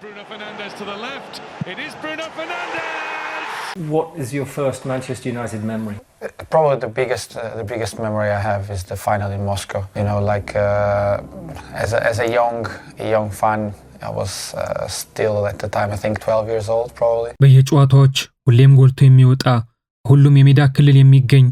Bruno Fernandes to the left. It is Bruno Fernandes. What is your first Manchester United memory? Probably the biggest, uh, the biggest memory I have is the final in Moscow. You know, like uh, as, a, as a young, a young fan, I was uh, still at the time I think 12 years old probably. በየጨዋታዎች ሁሌም ጎልቶ የሚወጣ ሁሉም የሜዳ ክልል የሚገኝ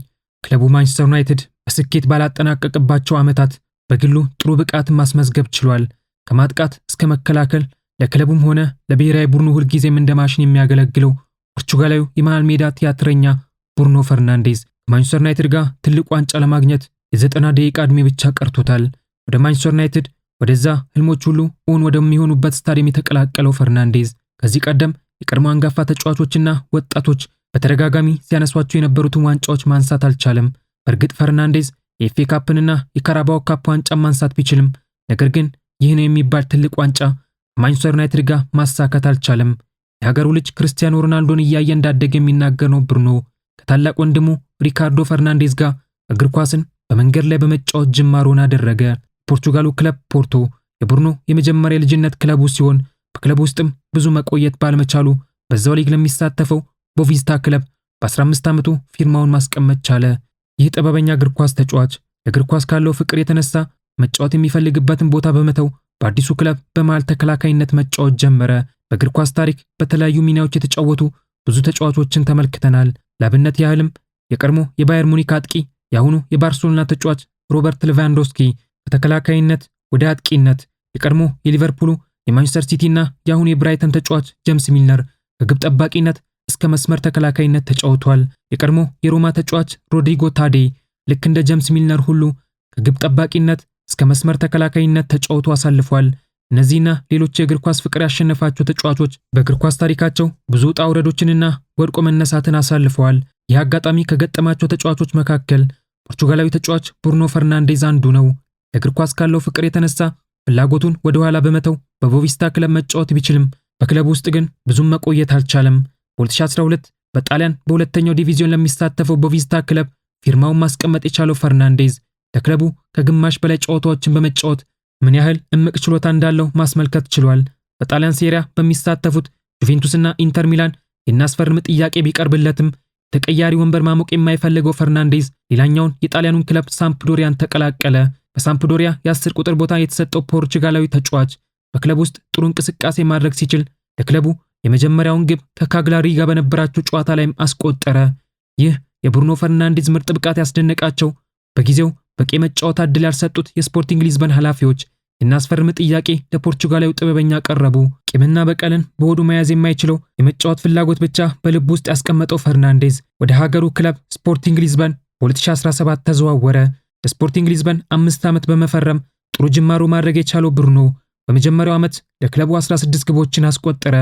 ክለቡ ማንቸስተር ዩናይትድ በስኬት ባላጠናቀቅባቸው ዓመታት በግሉ ጥሩ ብቃትን ማስመዝገብ ችሏል። ከማጥቃት እስከ መከላከል ለክለቡም ሆነ ለብሔራዊ ቡድኑ ሁልጊዜም እንደ ማሽን የሚያገለግለው ፖርቹጋላዊ የመሃል ሜዳ ቲያትረኛ ብሩኖ ፈርናንዴዝ ከማንቸስተር ዩናይትድ ጋር ትልቅ ዋንጫ ለማግኘት የዘጠና ደቂቃ ዕድሜ ብቻ ቀርቶታል። ወደ ማንቸስተር ዩናይትድ ወደዛ ህልሞች ሁሉ እውን ወደሚሆኑበት ስታዲየም የተቀላቀለው ፈርናንዴዝ ከዚህ ቀደም የቀድሞ አንጋፋ ተጫዋቾችና ወጣቶች በተደጋጋሚ ሲያነሷቸው የነበሩትን ዋንጫዎች ማንሳት አልቻለም። በእርግጥ ፈርናንዴዝ የኤፌ ካፕንና የካራባኦ ካፕ ዋንጫ ማንሳት ቢችልም ነገር ግን ይህን የሚባል ትልቅ ዋንጫ ማንቸስተር ዩናይትድ ጋር ማሳካት አልቻለም። የሀገሩ ልጅ ክርስቲያኖ ሮናልዶን እያየ እንዳደገ የሚናገር ነው ብሩኖ ከታላቅ ወንድሙ ሪካርዶ ፈርናንዴዝ ጋር እግር ኳስን በመንገድ ላይ በመጫወት ጅማሮን አደረገ። ፖርቱጋሉ ክለብ ፖርቶ የብሩኖ የመጀመሪያ ልጅነት ክለቡ ሲሆን በክለብ ውስጥም ብዙ መቆየት ባለመቻሉ በዛው ሊግ ለሚሳተፈው ቦቪስታ ክለብ በ15 ዓመቱ ፊርማውን ማስቀመጥ ቻለ። ይህ ጥበበኛ እግር ኳስ ተጫዋች ለእግር ኳስ ካለው ፍቅር የተነሳ መጫወት የሚፈልግበትን ቦታ በመተው በአዲሱ ክለብ በመሃል ተከላካይነት መጫወት ጀመረ። በእግር ኳስ ታሪክ በተለያዩ ሚናዎች የተጫወቱ ብዙ ተጫዋቾችን ተመልክተናል። ለአብነት ያህልም የቀድሞ የባየር ሙኒክ አጥቂ የአሁኑ የባርሴሎና ተጫዋች ሮበርት ሌቫንዶስኪ ከተከላካይነት ወደ አጥቂነት፣ የቀድሞ የሊቨርፑሉ የማንቸስተር ሲቲ እና የአሁኑ የብራይተን ተጫዋች ጄምስ ሚልነር ከግብ ጠባቂነት እስከ መስመር ተከላካይነት ተጫውቷል። የቀድሞ የሮማ ተጫዋች ሮድሪጎ ታዴ ልክ እንደ ጄምስ ሚልነር ሁሉ ከግብ ጠባቂነት እስከ መስመር ተከላካይነት ተጫውቶ አሳልፏል። እነዚህና ሌሎች የእግር ኳስ ፍቅር ያሸነፋቸው ተጫዋቾች በእግር ኳስ ታሪካቸው ብዙ ውጣ ውረዶችንና ወድቆ መነሳትን አሳልፈዋል። ይህ አጋጣሚ ከገጠማቸው ተጫዋቾች መካከል ፖርቹጋላዊ ተጫዋች ብሩኖ ፈርናንዴዝ አንዱ ነው። ለእግር ኳስ ካለው ፍቅር የተነሳ ፍላጎቱን ወደ ኋላ በመተው በቦቪስታ ክለብ መጫወት ቢችልም በክለቡ ውስጥ ግን ብዙም መቆየት አልቻለም። በ2012 በጣሊያን በሁለተኛው ዲቪዚዮን ለሚሳተፈው ቦቪስታ ክለብ ፊርማውን ማስቀመጥ የቻለው ፈርናንዴዝ ለክለቡ ከግማሽ በላይ ጨዋታዎችን በመጫወት ምን ያህል እምቅ ችሎታ እንዳለው ማስመልከት ችሏል። በጣሊያን ሴሪያ በሚሳተፉት ጁቬንቱስና ኢንተር ሚላን የናስፈርም ጥያቄ ቢቀርብለትም ተቀያሪ ወንበር ማሞቅ የማይፈልገው ፈርናንዴዝ ሌላኛውን የጣሊያኑን ክለብ ሳምፕዶሪያን ተቀላቀለ። በሳምፕዶሪያ የአስር ቁጥር ቦታ የተሰጠው ፖርቹጋላዊ ተጫዋች በክለብ ውስጥ ጥሩ እንቅስቃሴ ማድረግ ሲችል ለክለቡ የመጀመሪያውን ግብ ከካግላሪ ጋር በነበራቸው ጨዋታ ላይም አስቆጠረ። ይህ የብሩኖ ፈርናንዴዝ ምርጥ ብቃት ያስደነቃቸው በጊዜው በቂ መጫወት ዕድል ያልሰጡት የስፖርቲንግ ሊዝበን ኃላፊዎች የናስፈርም ጥያቄ ለፖርቹጋላዊ ጥበበኛ ቀረቡ። ቂምና በቀልን በሆዱ መያዝ የማይችለው የመጫወት ፍላጎት ብቻ በልብ ውስጥ ያስቀመጠው ፈርናንዴዝ ወደ ሀገሩ ክለብ ስፖርቲንግ ሊዝበን በ2017 ተዘዋወረ። ለስፖርቲንግ ሊዝበን አምስት ዓመት በመፈረም ጥሩ ጅማሮ ማድረግ የቻለው ብሩኖ በመጀመሪያው ዓመት ለክለቡ 16 ግቦችን አስቆጠረ።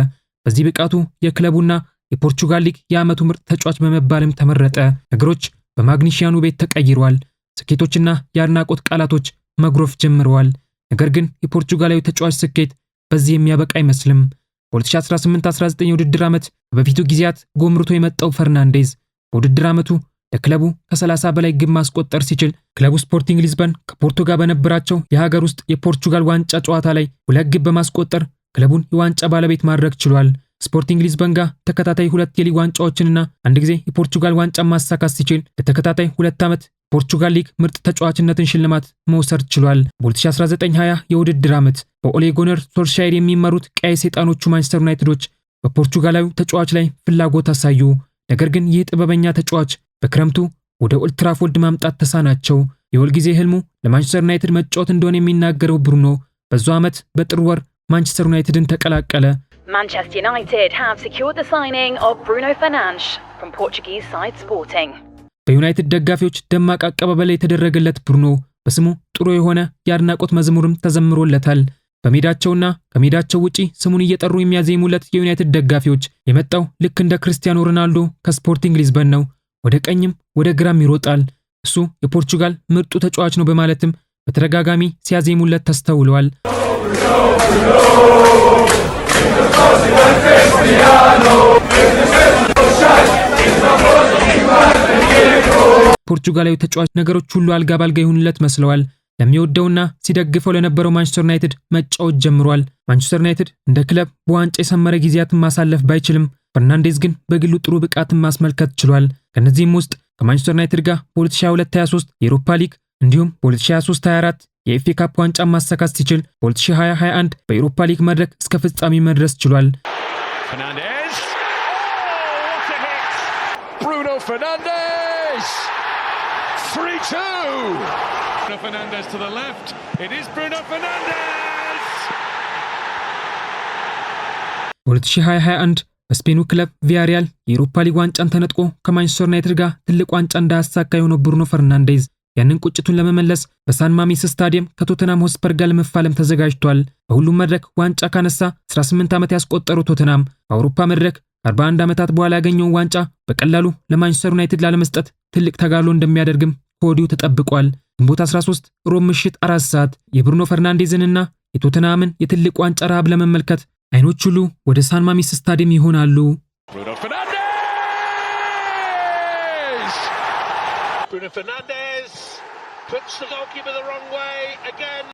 በዚህ ብቃቱ የክለቡና የፖርቹጋል ሊግ የዓመቱ ምርጥ ተጫዋች በመባልም ተመረጠ። ነገሮች በማግኒሺያኑ ቤት ተቀይሯል። ስኬቶችና የአድናቆት ቃላቶች መጉረፍ ጀምረዋል። ነገር ግን የፖርቹጋላዊ ተጫዋች ስኬት በዚህ የሚያበቃ አይመስልም። በ2018-19 ዓመት በፊቱ ጊዜያት ጎምርቶ የመጣው ፈርናንዴዝ በውድድር ዓመቱ ለክለቡ ከ30 በላይ ግብ ማስቆጠር ሲችል ክለቡ ስፖርቲንግ ሊዝበን ከፖርቶ ጋር በነበራቸው የሀገር ውስጥ የፖርቹጋል ዋንጫ ጨዋታ ላይ ሁለት ግብ በማስቆጠር ክለቡን የዋንጫ ባለቤት ማድረግ ችሏል። ስፖርቲንግ ሊዝበን ጋር ተከታታይ ሁለት የሊግ ዋንጫዎችንና አንድ ጊዜ የፖርቹጋል ዋንጫ ማሳካት ሲችል ለተከታታይ ሁለት ዓመት ፖርቹጋል ሊግ ምርጥ ተጫዋችነትን ሽልማት መውሰድ ችሏል። በ2019/20 የውድድር ዓመት በኦሌጎነር ሶልሻየር የሚመሩት ቀይ ሰይጣኖቹ ማንቸስተር ዩናይትዶች በፖርቹጋላዊ ተጫዋች ላይ ፍላጎት አሳዩ። ነገር ግን ይህ ጥበበኛ ተጫዋች በክረምቱ ወደ ኦልትራፎልድ ማምጣት ተሳናቸው። የሁልጊዜ ህልሙ ለማንቸስተር ዩናይትድ መጫወት እንደሆነ የሚናገረው ብሩኖ በዙ ዓመት በጥር ወር ማንቸስተር ዩናይትድን ተቀላቀለ። ማንቸስተር ዩናይትድ ሃቭ ዘ ሳይኒንግ ኦፍ ብሩኖ ፍሮም ፖርቹጊዝ ሳይድ ስፖርቲንግ በዩናይትድ ደጋፊዎች ደማቅ አቀባበል የተደረገለት ብሩኖ በስሙ ጥሩ የሆነ የአድናቆት መዝሙርም ተዘምሮለታል። በሜዳቸውና ከሜዳቸው ውጪ ስሙን እየጠሩ የሚያዜሙለት የዩናይትድ ደጋፊዎች የመጣው ልክ እንደ ክርስቲያኖ ሮናልዶ ከስፖርቲንግ ሊዝበን ነው። ወደ ቀኝም ወደ ግራም ይሮጣል። እሱ የፖርቹጋል ምርጡ ተጫዋች ነው በማለትም በተደጋጋሚ ሲያዜሙለት ተስተውለዋል። ፖርቹጋላዊ ተጫዋች ነገሮች ሁሉ አልጋ ባልጋ ይሁንለት መስለዋል። ለሚወደውና ሲደግፈው ለነበረው ማንቸስተር ዩናይትድ መጫወት ጀምሯል። ማንቸስተር ዩናይትድ እንደ ክለብ በዋንጫ የሰመረ ጊዜያትን ማሳለፍ ባይችልም ፈርናንዴዝ ግን በግሉ ጥሩ ብቃትን ማስመልከት ችሏል። ከነዚህም ውስጥ ከማንቸስተር ዩናይትድ ጋር በ2022/23 የአውሮፓ ሊግ እንዲሁም በ2023/24 ካፕ ዋንጫ ማሳካት ሲችል በ2020/21 ሊግ መድረክ እስከ ፍጻሜ መድረስ ችሏል። ፈርናንዴዝ 3 2. Bruno Fernandes to the left. It is Bruno Fernandez. 2021 በስፔኑ ክለብ ቪያሪያል የአውሮፓ ሊግ ዋንጫን ተነጥቆ ከማንቸስተር ዩናይትድ ጋር ትልቅ ዋንጫ እንዳያሳካ የሆነው ብሩኖ ፈርናንዴዝ ያንን ቁጭቱን ለመመለስ በሳን ማሚስ ስታዲየም ከቶተናም ሆስፐር ጋር ለመፋለም ተዘጋጅቷል። በሁሉም መድረክ ዋንጫ ካነሳ 18 ዓመት ያስቆጠሩ ቶተናም በአውሮፓ መድረክ 41 ዓመታት በኋላ ያገኘውን ዋንጫ በቀላሉ ለማንቸስተር ዩናይትድ ላለመስጠት ትልቅ ተጋድሎ እንደሚያደርግም ከወዲሁ ተጠብቋል። ግንቦት 13 ሮም ምሽት አራት ሰዓት የብሩኖ ፈርናንዴዝንና የቶተናምን የትልቅ ዋንጫ ረሃብ ለመመልከት አይኖች ሁሉ ወደ ሳን ማሚስ ስታዲየም ይሆናሉ።